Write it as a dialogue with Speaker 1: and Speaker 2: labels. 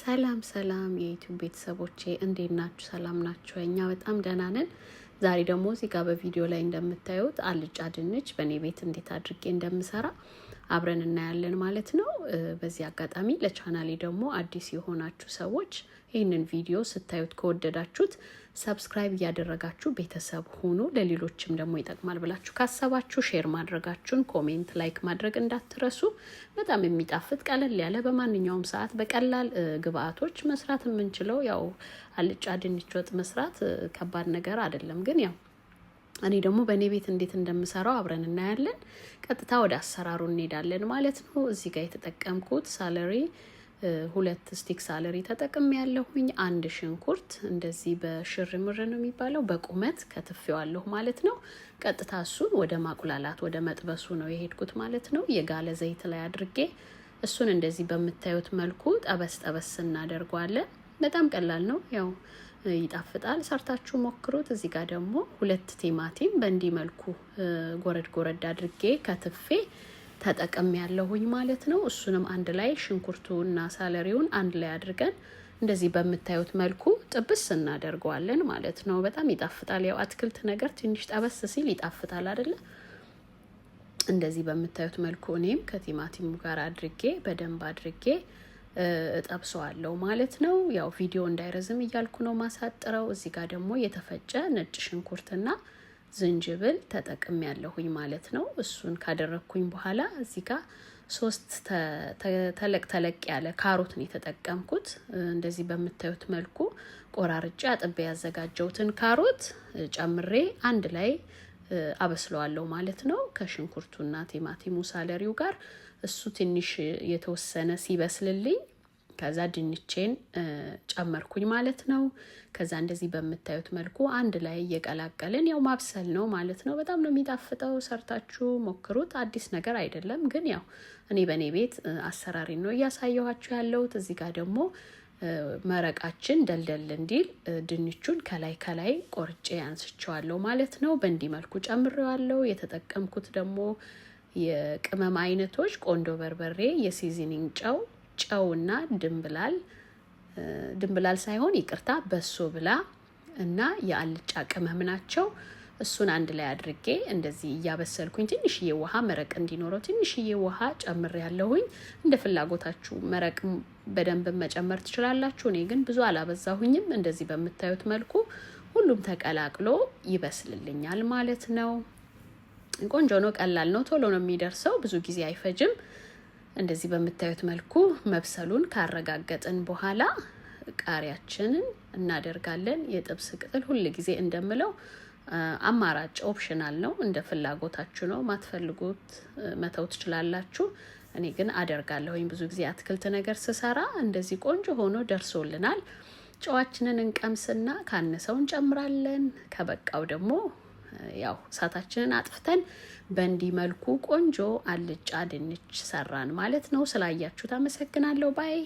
Speaker 1: ሰላም ሰላም የዩቱብ ቤተሰቦቼ እንዴት ናችሁ? ሰላም ናችሁ? እኛ በጣም ደህና ነን። ዛሬ ደግሞ እዚህ ጋር በቪዲዮ ላይ እንደምታዩት አልጫ ድንች በእኔ ቤት እንዴት አድርጌ እንደምሰራ አብረን እናያለን ማለት ነው። በዚህ አጋጣሚ ለቻናሌ ደግሞ አዲስ የሆናችሁ ሰዎች ይህንን ቪዲዮ ስታዩት ከወደዳችሁት ሰብስክራይብ እያደረጋችሁ ቤተሰብ ሁኑ። ለሌሎችም ደግሞ ይጠቅማል ብላችሁ ካሰባችሁ ሼር ማድረጋችሁን፣ ኮሜንት፣ ላይክ ማድረግ እንዳትረሱ። በጣም የሚጣፍጥ ቀለል ያለ በማንኛውም ሰዓት በቀላል ግብአቶች መስራት የምንችለው ያው አልጫ ድንች ወጥ መስራት ከባድ ነገር አይደለም ግን ያው እኔ ደግሞ በእኔ ቤት እንዴት እንደምሰራው አብረን እናያለን። ቀጥታ ወደ አሰራሩ እንሄዳለን ማለት ነው። እዚህ ጋር የተጠቀምኩት ሳለሪ ሁለት ስቲክ ሳለሪ ተጠቅም ያለሁኝ አንድ ሽንኩርት እንደዚህ በሽር ምር ነው የሚባለው በቁመት ከትፌዋለሁ ማለት ነው። ቀጥታ እሱን ወደ ማቁላላት ወደ መጥበሱ ነው የሄድኩት ማለት ነው። የጋለ ዘይት ላይ አድርጌ እሱን እንደዚህ በምታዩት መልኩ ጠበስ ጠበስ እናደርገዋለን። በጣም ቀላል ነው ያው ይጣፍጣል። ሰርታችሁ ሞክሩት። እዚህ ጋር ደግሞ ሁለት ቲማቲም በእንዲህ መልኩ ጎረድ ጎረድ አድርጌ ከትፌ ተጠቀም ያለሁኝ ማለት ነው። እሱንም አንድ ላይ ሽንኩርቱ እና ሳለሪውን አንድ ላይ አድርገን እንደዚህ በምታዩት መልኩ ጥብስ እናደርገዋለን ማለት ነው። በጣም ይጣፍጣል። ያው አትክልት ነገር ትንሽ ጠበስ ሲል ይጣፍጣል አይደለ? እንደዚህ በምታዩት መልኩ እኔም ከቲማቲሙ ጋር አድርጌ በደንብ አድርጌ እጠብሰዋለሁ ማለት ነው። ያው ቪዲዮ እንዳይረዝም እያልኩ ነው ማሳጥረው። እዚህ ጋር ደግሞ የተፈጨ ነጭ ሽንኩርትና ዝንጅብል ተጠቅም ያለሁኝ ማለት ነው። እሱን ካደረግኩኝ በኋላ እዚህ ጋር ሶስት ተለቅ ተለቅ ያለ ካሮት ነው የተጠቀምኩት። እንደዚህ በምታዩት መልኩ ቆራርጬ አጥቤ ያዘጋጀሁትን ካሮት ጨምሬ አንድ ላይ አበስለዋለሁ ማለት ነው። ከሽንኩርቱና ቲማቲሙ ሳለሪው ጋር እሱ ትንሽ የተወሰነ ሲበስልልኝ ከዛ ድንቼን ጨመርኩኝ ማለት ነው። ከዛ እንደዚህ በምታዩት መልኩ አንድ ላይ እየቀላቀልን ያው ማብሰል ነው ማለት ነው። በጣም ነው የሚጣፍጠው። ሰርታችሁ ሞክሩት። አዲስ ነገር አይደለም፣ ግን ያው እኔ በእኔ ቤት አሰራሪ ነው እያሳየኋችሁ ያለሁት። እዚህ ጋር ደግሞ መረቃችን ደልደል እንዲል ድንቹን ከላይ ከላይ ቆርጬ አንስቸዋለሁ ማለት ነው። በእንዲህ መልኩ ጨምሬዋለሁ። የተጠቀምኩት ደግሞ የቅመም አይነቶች ቆንዶ በርበሬ፣ የሲዝኒንግ ጨው፣ ጨውና ድንብላል ድንብላል ሳይሆን ይቅርታ በሶ ብላ እና የአልጫ ቅመም ናቸው። እሱን አንድ ላይ አድርጌ እንደዚህ እያበሰልኩኝ ትንሽዬ ውሃ መረቅ እንዲኖረው ትንሽዬ ውሃ ጨምር ያለሁኝ። እንደ ፍላጎታችሁ መረቅ በደንብ መጨመር ትችላላችሁ። እኔ ግን ብዙ አላበዛሁኝም። እንደዚህ በምታዩት መልኩ ሁሉም ተቀላቅሎ ይበስልልኛል ማለት ነው። ቆንጆ ነው። ቀላል ነው። ቶሎ ነው የሚደርሰው። ብዙ ጊዜ አይፈጅም። እንደዚህ በምታዩት መልኩ መብሰሉን ካረጋገጥን በኋላ ቃሪያችንን እናደርጋለን። የጥብስ ቅጥል ሁል ጊዜ እንደምለው አማራጭ ኦፕሽናል ነው። እንደ ፍላጎታችሁ ነው። ማትፈልጉት መተው ትችላላችሁ። እኔ ግን ወይም ብዙ ጊዜ አትክልት ነገር ስሰራ እንደዚህ ቆንጆ ሆኖ ደርሶልናል። ጨዋችንን እንቀምስና ካነሰው እንጨምራለን። ከበቃው ደግሞ ያው እሳታችንን አጥፍተን በእንዲህ መልኩ ቆንጆ አልጫ ድንች ሰራን ማለት ነው። ስላያችሁት አመሰግናለሁ ባይ